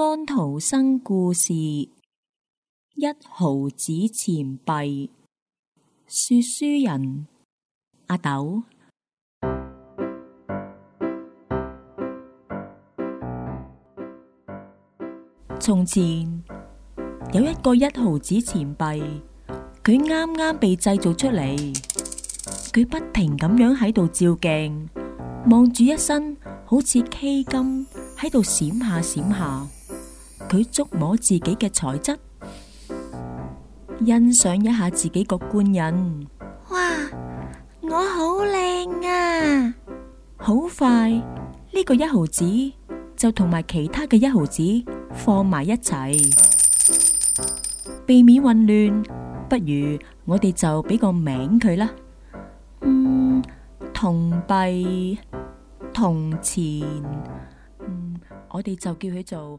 安徒生故事《一毫子錢幣》，說書人阿豆。從前有一個一毫子錢幣，佢啱啱被製造出嚟，佢不停咁樣喺度照鏡，望住一身好似 K 金喺度閃下閃下。佢觸摸自己嘅材質，欣賞一下自己個官人。哇！我好靚啊！好快呢個一毫子就同埋其他嘅一毫子放埋一齊，避免混亂。不如我哋就俾個名佢啦。嗯，銅幣、銅錢，嗯，我哋就叫佢做。